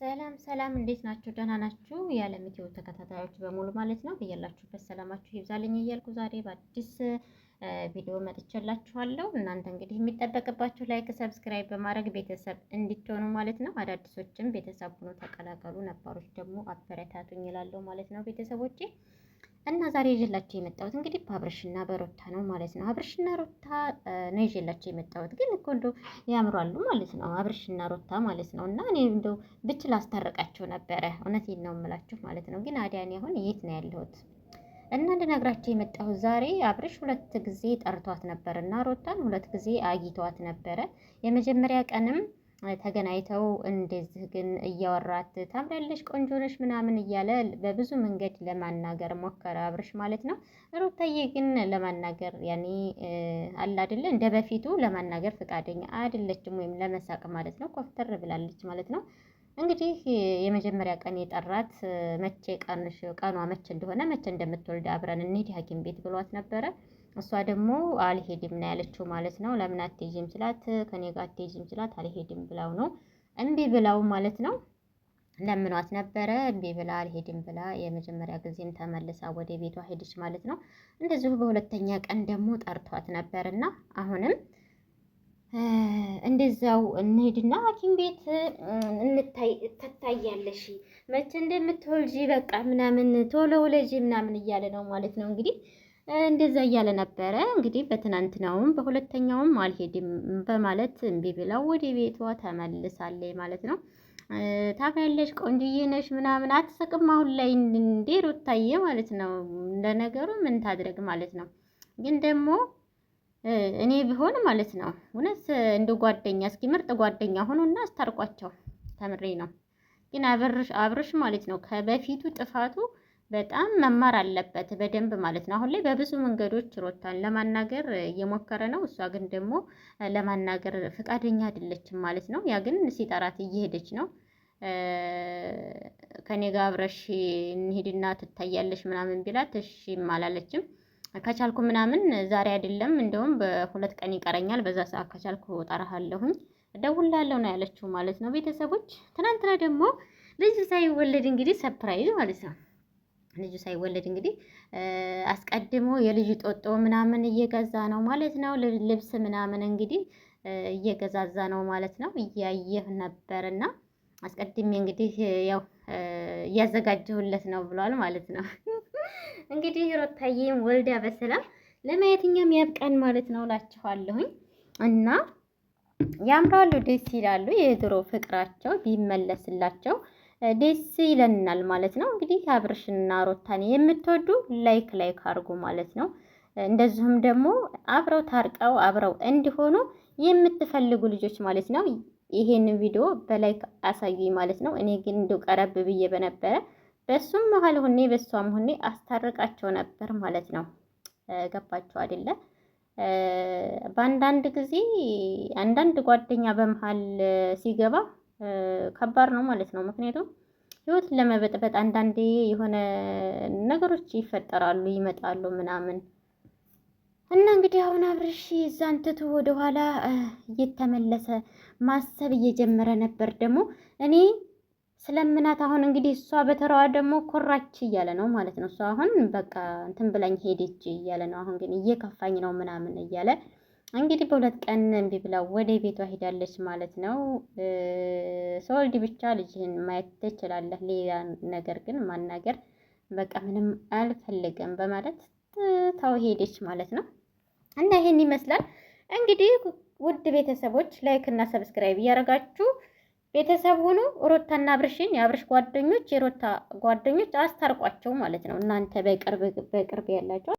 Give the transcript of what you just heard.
ሰላም ሰላም፣ እንዴት ናችሁ? ደህና ናችሁ? የዓለም ኢትዮ ተከታታዮች በሙሉ ማለት ነው እያላችሁበት ሰላማችሁ ይብዛልኝ እያልኩ ዛሬ በአዲስ ቪዲዮ መጥቼላችኋለሁ። እናንተ እንግዲህ የሚጠበቅባችሁ ላይክ፣ ሰብስክራይብ በማድረግ ቤተሰብ እንድትሆኑ ማለት ነው። አዳዲሶችም ቤተሰብ ሆኖ ተቀላቀሉ፣ ነባሮች ደግሞ አበረታቱኝ እላለሁ ማለት ነው ቤተሰቦቼ እና ዛሬ ይዤላቸው የመጣሁት እንግዲህ በአብርሽና በሮታ ነው ማለት ነው። አብርሽና ሮታ ነው ይዤላቸው የመጣሁት ግን እኮ እንደው ያምራሉ ማለት ነው። አብርሽና ሮታ ማለት ነው። እና እኔ እንደው ብችል አስታርቃቸው ነበረ። እውነቴን ነው የምላችሁ ማለት ነው። ግን አዲያን እኔ አሁን የት ነው ያለሁት? እና እንድነግራቸው የመጣሁት ዛሬ አብርሽ ሁለት ጊዜ ጠርቷት ነበር እና ሩታን ሁለት ጊዜ አግኝቷት ነበረ የመጀመሪያ ቀንም ተገናኝተው እንደዚህ ግን እያወራት ታምራለች ቆንጆ ነሽ ምናምን እያለ በብዙ መንገድ ለማናገር ሞከረ አብርሽ ማለት ነው። ሩታዬ ግን ለማናገር ያኔ አለ አይደለ እንደ በፊቱ ለማናገር ፈቃደኛ አይደለችም፣ ወይም ለመሳቅ ማለት ነው። ኮፍተር ብላለች ማለት ነው። እንግዲህ የመጀመሪያ ቀን የጠራት መቼ ቀኗ መቼ እንደሆነ መቼ እንደምትወልድ አብረን እንሂድ ሐኪም ቤት ብሏት ነበረ። እሷ ደግሞ አልሄድም ነው ያለችው ማለት ነው። ለምን አትሄጂም ስላት ከኔ ጋር አትሄጂም ስላት አልሄድም ብላው ነው እምቢ ብላው ማለት ነው። ለምኗት ነበረ እምቢ ብላ አልሄድም ብላ የመጀመሪያ ጊዜም ተመልሳ ወደ ቤቷ ሄደች ማለት ነው። እንደዚሁ በሁለተኛ ቀን ደግሞ ጠርቷት ነበር ነበርና አሁንም እንደዛው እንሄድና ሐኪም ቤት ትታያለሽ መቼ እንደምትወልጂ በቃ ምናምን ቶሎ ውለጂ ምናምን እያለ ነው ማለት ነው እንግዲህ እንደዛ እያለ ነበረ። እንግዲህ በትናንትናውም በሁለተኛውም አልሄድም በማለት እምቢ ብላ ወደ ቤቷ ተመልሳለች ማለት ነው። ታውቂያለሽ፣ ቆንጆዬ ነሽ ምናምን አትሰቅም። አሁን ላይ እንዴ ሩታዬ ማለት ነው። ለነገሩ ምን ታድረግ ማለት ነው። ግን ደግሞ እኔ ቢሆን ማለት ነው እውነት እንደ ጓደኛ እስኪ ምርጥ ጓደኛ ሆኖና አስታርቋቸው። ተምሬ ነው ግን አብርሽ ማለት ነው ከበፊቱ ጥፋቱ በጣም መማር አለበት በደንብ ማለት ነው። አሁን ላይ በብዙ መንገዶች ሮታን ለማናገር እየሞከረ ነው። እሷ ግን ደግሞ ለማናገር ፈቃደኛ አይደለችም ማለት ነው። ያ ግን ሲጠራት እየሄደች ነው። ከኔ ጋር አብረሽ እንሂድና ትታያለሽ ምናምን ቢላት እሺ አላለችም። ከቻልኩ ምናምን ዛሬ አይደለም እንደውም በሁለት ቀን ይቀረኛል፣ በዛ ሰዓት ከቻልኩ ጠራሃለሁኝ እደውላለሁ ነው ያለችው ማለት ነው። ቤተሰቦች ትናንትና ደግሞ ልጅ ሳይወለድ እንግዲህ ሰፕራይዝ ማለት ነው ልጁ ሳይወለድ እንግዲህ አስቀድሞ የልጅ ጦጦ ምናምን እየገዛ ነው ማለት ነው። ልብስ ምናምን እንግዲህ እየገዛዛ ነው ማለት ነው። እያየህ ነበር እና አስቀድሜ እንግዲህ ያው እያዘጋጀሁለት ነው ብሏል ማለት ነው። እንግዲህ ሩታዬም ወልዳ በሰላም ለማየትኛም ያብቀን ማለት ነው እላችኋለሁኝ እና ያምራሉ፣ ደስ ይላሉ። የድሮ ፍቅራቸው ቢመለስላቸው ደስ ይለናል ማለት ነው። እንግዲህ አብርሽና ሮታን የምትወዱ ላይክ ላይክ አድርጉ ማለት ነው። እንደዚሁም ደግሞ አብረው ታርቀው አብረው እንዲሆኑ የምትፈልጉ ልጆች ማለት ነው ይሄን ቪዲዮ በላይክ አሳዩኝ ማለት ነው። እኔ ግን እንደው ቀረብ ብዬ በነበረ በሱም መሀል ሁኔ በሷም ሁኔ አስታርቃቸው ነበር ማለት ነው። ገባችሁ አይደለ? በአንዳንድ ጊዜ አንዳንድ ጓደኛ በመሀል ሲገባ ከባድ ነው ማለት ነው። ምክንያቱም ህይወትን ለመበጥበጥ አንዳንዴ የሆነ ነገሮች ይፈጠራሉ፣ ይመጣሉ ምናምን እና እንግዲህ አሁን አብርሽ እዛን ትቶ ወደኋላ እየተመለሰ ማሰብ እየጀመረ ነበር። ደግሞ እኔ ስለምናት አሁን እንግዲህ እሷ በተራዋ ደግሞ ኮራች እያለ ነው ማለት ነው። እሷ አሁን በቃ እንትን ብላኝ ሄደች እያለ ነው። አሁን ግን እየከፋኝ ነው ምናምን እያለ እንግዲህ በሁለት ቀን እምቢ ብላ ወደ ቤቷ ሄዳለች ማለት ነው። ሰወልድ ብቻ ልጅህን ማየት ትችላለህ፣ ሌላ ነገር ግን ማናገር በቃ ምንም አልፈልግም በማለት ታው ሄደች ማለት ነው። እና ይሄን ይመስላል እንግዲህ ውድ ቤተሰቦች ላይክ እና ሰብስክራይብ እያደረጋችሁ ቤተሰብ ሁኑ። ሮታና አብርሽን የአብርሽ ጓደኞች የሮታ ጓደኞች አስታርቋቸው ማለት ነው። እናንተ በቅርብ በቅርብ ያላችሁ